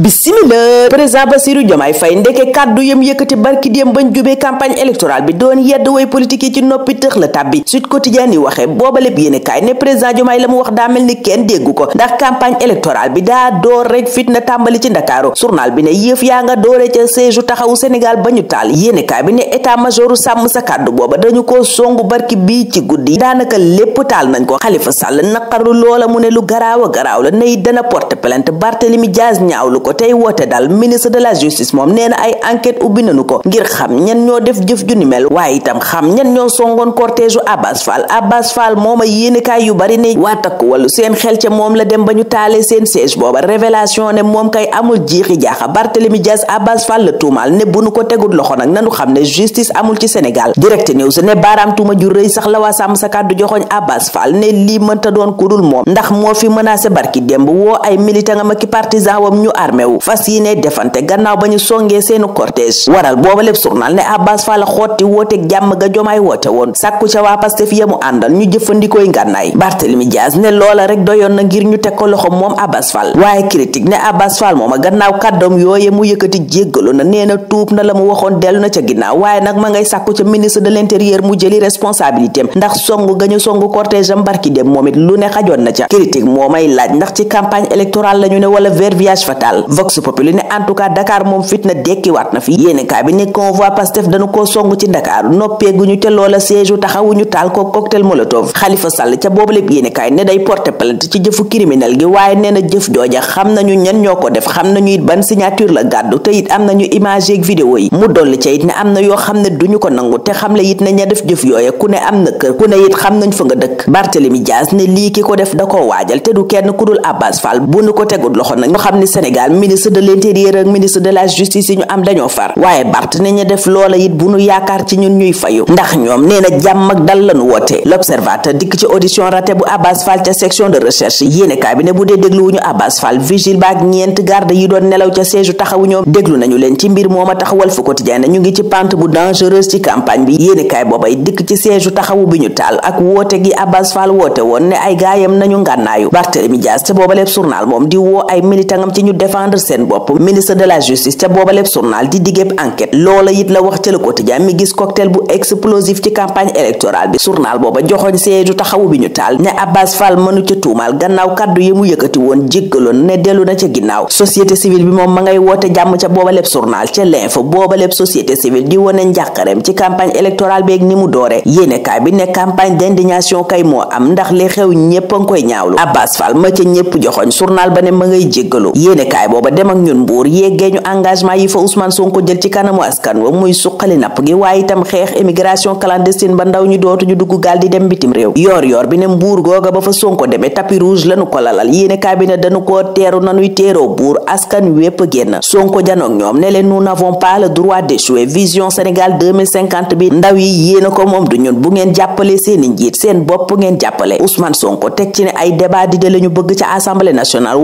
bisimila président Bassirou Diomaye Faye ndeke kàddu yam yëkkati barki déem bañ jubee campagne électorale bi doon yedd way politique yi ci noppi tëx la tàbbi Sud Quotidien yi waxee booba lépp yéene kaay ne président Diomaye la mu wax daa mel ni kenn déggu ko ndax campagne électorale bi daa door rek fitna tàmbali ci ndakaaru journal bi ne yëf yaa nga doore ca siège taxawu Sénégal ba ñu taal yéene bi ne état majoru sàmm sa kàddu booba dañu ko songu barki bii ci guddi daanaka mu lu garaaw a garaaw la ko ko tey woote daal ministre de la justice moom nee ay enquête ubbi nañu ko ngir xam ñan ñoo def jëf ju ni mel waaye itam xam ñan ñoo songoon cortège u Abbas Fall Abbas Fall mooma yéenekaay yu bari ne waa takk wàllu seen xel ca moom la dem ba ñu taalee seen siège booba révélation ne moom kay amul jiixi jaaxa Barthélemy Dias Abbas Fall la tuumaal ne bu nu ko tegul loxo nag nanu xam ne justice amul ci Sénégal direct news ne baaraam tuuma ju rëy sax la waa sàmm sa kàddu joxoñ Abbas Fall ne lii mënta doon kudul moom ndax moo fi menacé barki démb woo ay militant am ak partisans wam ñu armé formé wu fas yi ne defante gannaaw ba ñu songee seenu cortège waral booba lépp journal ne Abbas Fall xotti wooteeg jàmm ga jomaay woote woon sàkku ca waa Pastef yemu àndal ñu jëfandikooy ngànnaay Barthélemy Dias ne loola rek doyoon na ngir ñu teg ko loxo moom Abbas Fall waaye critique ne Abbas Fall mooma gannaaw kàddoom yooye mu yëkkati jéggalu na nee na tuub na la mu waxoon dellu na ca ginnaaw waaye nag ma ngay sàkku ca ministre de l'intérieur mu jëli responsabilité am ndax songu ga ñu songu cortège am barki dem moom it lu ne xajoon na ca critique moo may laaj dal vox populi ne en tout cas Dakar moom fitna dekkiwaat na fi yéene kaa bi ne convoi Pastef dañu koo song ci Dakar noppeeguñu ca loola siège taxawuñu taal ko cocktail molotov Khalifa Sall ca boobu lépp yéene ne day porter plainte ci jëfu criminel gi waaye nee na jëf jooja xam nañu ñen ñoo ko def xam nañu it ban signature la gàddu te it am na image ak vidéo yi mu dolli ca it ne am na yoo xam ne duñu ko nangu te xam le it ne ña def jëf ku ne na kër ku ne it xam nañ fa da ko waajal te daal ministre de l'intérieur ak ministre de la justice yi ñu am dañoo far waaye Bart ne ñu def loola it bu nu yaakaar ci ñun ñuy fayu ndax ñoom nee jàmm ak dal lañu woote l'observateur dikk ci audition raté bu Abbas Fall ca section de recherche yéene cabinet bu dee dégluwuñu Abbas Fall vigile ba ak ñeent garde yi doon nelaw ca siège taxawu ñoom déglu nañu leen ci mbir mooma tax Walf Quotidien ñu ngi ci pente bu dangereuse ci campagne bi ministre de la justice ca boobaleb journal di diggéeb enquête loola it la wax ca Le Quotidien mi gis cocktail bu explosif ci campagne électorale bi journal booba joxoñ seetu taxawu bi ñu taal ne dellu na ca ginnaaw société civile bi moom ma ngay woote jàmm ca boobaleb journal ca l'info boobaleb société civile di wone njàqareem ci campagne électorale beeg ni mu doore yéenekaay bi ne campagne d'indignation kay moo am ndax li xew ñépp a koy ñaawlu booba dem ak ñun mbuur yeggee ñu engagement yi fa Ousmane Sonko jël ci kanamu askan wa muy suqali napp gi waaye itam xeex émigration clandestine ba ndaw ñu dootuñu gaal di dem bitim réew yoor yoor bi ne mbuur googa ba fa Sonko demee tapis rouge lanu ko lalal yéene cabinet dañu ko teeru nanuy téeroo buur askan wépp génn Sonko janoog ñoom ne leen nous n'avons pas le droit vision Sénégal bi ndaw yi yéene ko moom du ñun bu ngeen jàppale seeni njiit seen bopp ngeen jàppale Ousmane Sonko teg ci ne ay débat di de lañu bëgg ca Assemblée nationale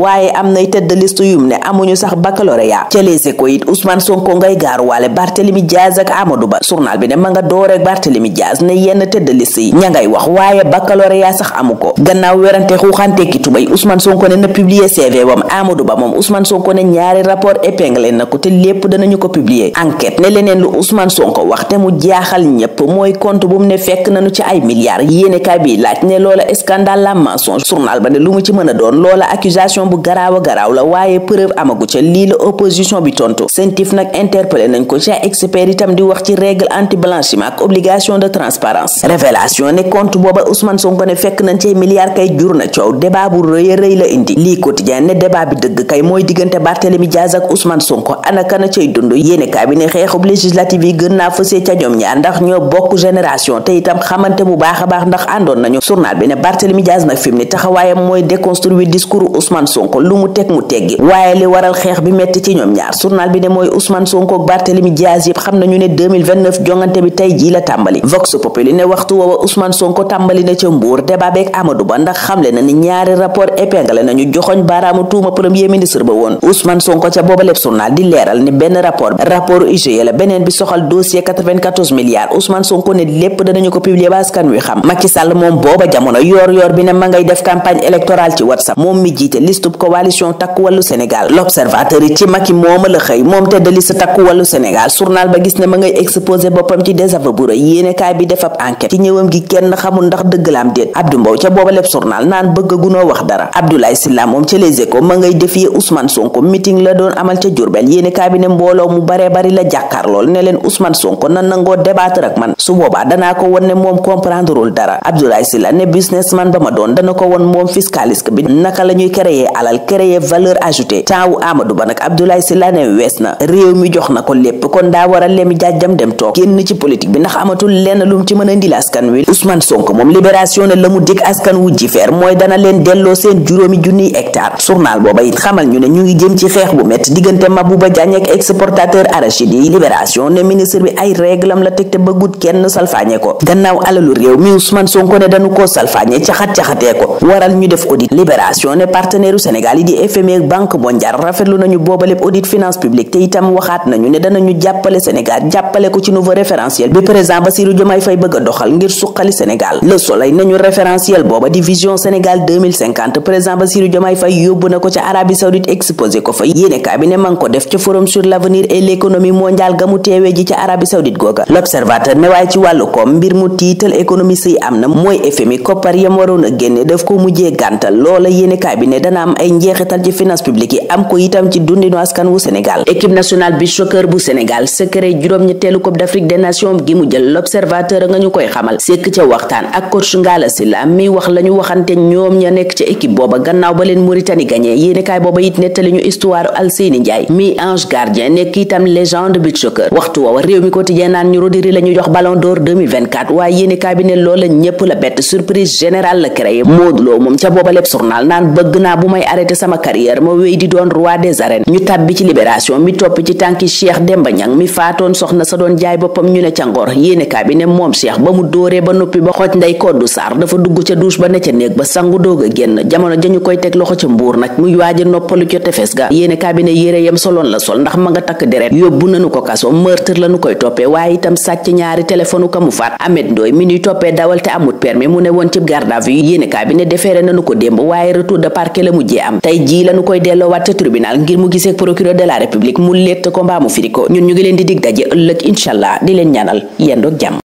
ne amuñu sax baccalauréat ca les écoles it Ousmane Sonko ngay gaaruwaale Barthélemy Diaz ak Amadou Ba journal bi ne ma nga door ak Barthélemy Diaz ne yenn tëdd liste yi ña ngay wax waaye baccalauréat sax amu ko gannaaw werante xuuxante ki tubay Ousmane Sonko ne na publier CV wam Amadou Ba moom Ousmane Sonko ne ñaari rapport épinglé na ko te lépp danañu ko publier enquête ne leneen lu Ousmane Sonko wax te mu jaaxal ñépp mooy compte bu mu ne fekk nañu ci ay milliards yéenekaay bi laaj ne loola scandale la mensonge journal ba ne lu mu ci mën a doon loola accusation bu garaaw a preuve amagu ca lii la opposition bi tontu sentif nag interpellé nañ ko ci ay itam di wax ci règle anti blanchiment obligation de transparence révélation ne compte booba Ousmane Sonko ne fekk nañ ci milliards kay jur na coow débat bu rëy a rëy la indi lii quotidien ne débat bi dëgg kay mooy diggante Barthélemy Diaz ak Ousmane Sonko ana kana cay dund bi ne xeexub législative yi gën naa fësee ca ñoom ñaar ndax ñoo bokk génération te itam xamante waaye li waral xeex bi metti ci ñoom ñaar journal bi ne mooy Ousmane Sonko ak Barthélemy Diaz yëpp xam nañu ne jongante bi tey jii la tàmbali Vox Populi ne waxtu woowa Ousmane Sonko tàmbali na ca Mbour débat beeg e wi xam Macky moom booba jamono yoor yoor bi ne ma ngay def campagne électorale ci WhatsApp moom mi jiite listub coalition takku wàllu Sénégal l'observateur yi ci Macky mooma la xëy moom te dali sa takku wàllu Sénégal journal ba gis ne ma ngay exposé boppam ci désaveu bu rëy yéenekaay bi def ab enquête ci ñëwam gi ma ngay défier Ousmane Sonko meeting la doon amal ca Diourbel yéenekaay bi ne mbooloo mu baree bari la jàkkaar lool ne leen Ousmane Sonko na nangoo débattre ak man su boobaa danaa ko won moom comprendreul dara Abdoulaye Sylla ne businessman ba ma doon dana ko won moom fiscaliste bi naka la ñuy créer alal temps wu Amadou Ba nag Abdoulaye Sylla ne wees na réew mi jox na ko lépp kon daa war a lem jàjjam dem toog génn ci politique bi ndax amatul lenn lu ci mën a ndil askan wi Ousmane Sonko moom libération ne la mu dig askan wu jifeer mooy dana leen delloo seen juróomi junniy hectare journal booba it xamal ñu ne ñu ngi jëm ci xeex bu métti diggante Mabouba Diagne ak exportateur arachide yi libération ne ministre bi ay réglam la teg te bëggut kenn salfaañe Ndiaye rafetlu nañu booba lépp audit finance publique te itam waxaat nañu ne danañu jàppale Sénégal jàppale ko ci nouveau référentiel bi président Bassirou Diomaye Faye bëgg a doxal ngir suqali Sénégal Le Soleil nañu référentiel booba di vision Sénégal 2050 président Bassirou Diomaye Faye yóbbu na ko ca Arabie Saoudite exposé ko fa yéene bi ne ma ko def ca forum sur l'avenir et l'économie mondiale ga mu teewee ji ca Arabie Saoudite googa L'Observateur ne a am ko itam ci dundinu askan wu Sénégal équipe nationale beach soccer bu Sénégal secret juróom-ñetteelu Coupe d'Afrique des Nations gi jël l'observateur nga ñu koy xamal sekk ca waxtaan ak coach Ngala Sylla mi wax la waxante ñoom ña nekk ca équipe booba gannaaw ba leen Mauritanie gagné yéenekaay booba it nettali ñu histoire Alseyni Ndiaye mi ange gardien nekk itam légende beach soccer waxtu woowa réew mi quotidien naan ñu Rodri la jox Ballon doon roi des arènes ñu tàbbi ci libération mi topp ci tànki cheikh demba ñang mi faatoon soxna sa doon jaay boppam ñu ne ca ngor yéenekaay bi ne moom cheikh ba mu dóoree ba noppi ba xoj nday koddu saar dafa dugg ca douche a koy teg loxo ca mbuur nag muy waaja noppalu ca tefes ga yéenekaay bi ne yére yam soloon la sol ndax ma nga takk deret yóbbu nanu ko kaso meurtre la nu koy toppee waaye itam sàcc ñaari téléphone ka mu faat amet ndooy mi ñuy toppee dawal te amut permis mu ne woon ci garde à vue yéenekaay bi defeere nanu ko démb waaye retour de parquet la mujjee am tey jii lanu koy delloowaat ca tribunal ngir mu gisee procureur de la république mu létt ko mbaa mu firi ko ñun ñu ngi leen di dig daje ëllëg incha allah di leen ñaanal yendoog jàmm